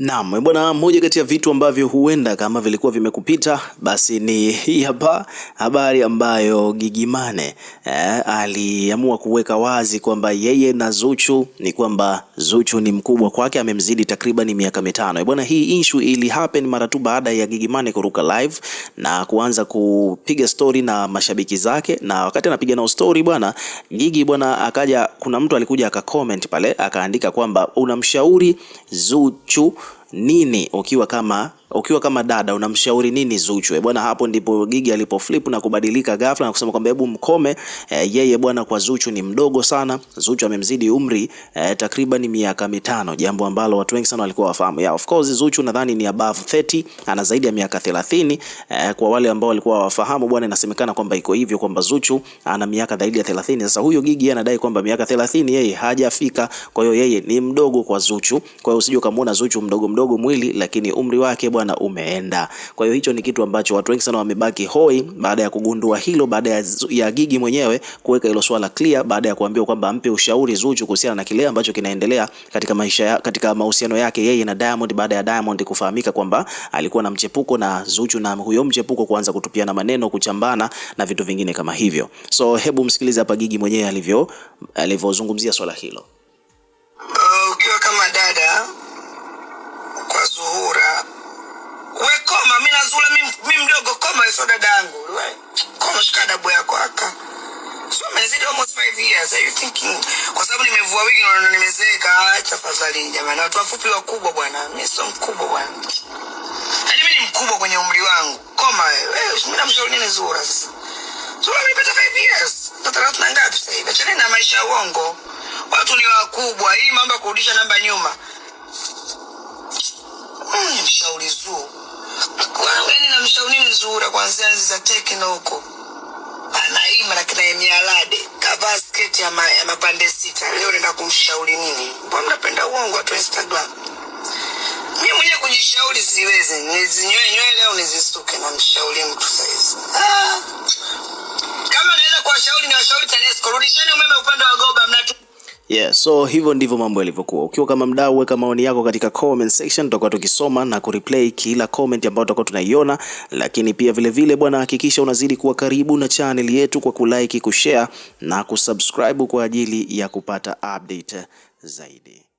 Naam, eh, bwana, moja kati ya vitu ambavyo huenda kama vilikuwa vimekupita basi ni hii hapa habari ambayo Gigimane eh, aliamua kuweka wazi kwamba yeye na Zuchu ni kwamba Zuchu ni mkubwa kwake, amemzidi takriban miaka mitano. Eh, bwana, hii issue ili happen mara tu baada ya Gigimane kuruka live na kuanza kupiga story na mashabiki zake, na wakati anapiga nao story bwana Gigi bwana akaja, kuna mtu alikuja akakoment pale akaandika kwamba unamshauri Zuchu nini ukiwa kama ukiwa kama dada unamshauri nini Zuchu eh, bwana? Hapo ndipo Gigi alipo flip na kubadilika ghafla na kusema kwamba hebu mkome e, yeye bwana kwa Zuchu ni mdogo sana. Zuchu amemzidi umri e, takriban miaka mitano, jambo ambalo watu wengi sana walikuwa wafahamu. Yeah, of course Zuchu nadhani ni above 30, ana zaidi ya miaka 30. E, kwa wale ambao walikuwa wafahamu bwana, inasemekana kwamba iko hivyo kwamba Zuchu ana miaka zaidi ya 30. Sasa huyo Gigi anadai kwamba miaka 30 yeye hajafika, kwa hiyo yeye ni mdogo kwa Zuchu. Kwa hiyo usije ukamwona Zuchu mdogo mdogo mwili, lakini umri wake bwana bwana umeenda. Kwa hiyo hicho ni kitu ambacho watu wengi sana wamebaki hoi baada ya kugundua hilo, baada ya, ya Gigi mwenyewe kuweka hilo swala clear, baada ya kuambiwa kwamba ampe ushauri Zuchu kuhusiana na kile ambacho kinaendelea katika maisha ya, katika mahusiano yake yeye na Diamond, baada ya Diamond kufahamika kwamba alikuwa na mchepuko na Zuchu na huyo mchepuko kuanza kutupiana maneno, kuchambana na vitu vingine kama hivyo. So hebu msikilize hapa Gigi mwenyewe alivyo alivyozungumzia swala hilo. Uh, ukiwa kama dada kwa Zuhura so dadangu, kwa mshika adabu yako aka. So mezidi almost 5 years. Are you thinking kwa sababu nimevua wigi na nimezeeka, acha tafadhali jamani. Watu wafupi wakubwa bwana. Mimi sio mkubwa bwana. Hadi yaani mimi ni mkubwa kwenye umri wangu. Koma wewe, mimi namshauri nini Zura sasa? Zura nipata 5 years. Tatarat na ngapi sasa hivi? na maisha ya uongo. Watu ni wakubwa. Hii mambo ya kurudisha namba nyuma. Hmm, mshauri Zura mshauri mzuri kuanzia enzi za tekno huko anaima na kina Emialade kavaa sketi ya, ma, ya mapande sita. Leo naenda kumshauri nini? Mbona mnapenda uongo watu Instagram? Mimi mwenye kujishauri siwezi, nizinyoe nywele au nizisuke, na mshauri mtu saizi. Ah, kama naweza kuwashauri na washauri TANESCO, rudisheni umeme upande wa Goba mnatu Yeah, so hivyo ndivyo mambo yalivyokuwa. Ukiwa kama mdau, weka maoni yako katika comment section, tutakuwa tukisoma na kureplay kila comment ambayo tutakuwa tunaiona, lakini pia vile vile bwana, hakikisha unazidi kuwa karibu na channel yetu kwa kulike, kushare na kusubscribe kwa ajili ya kupata update zaidi.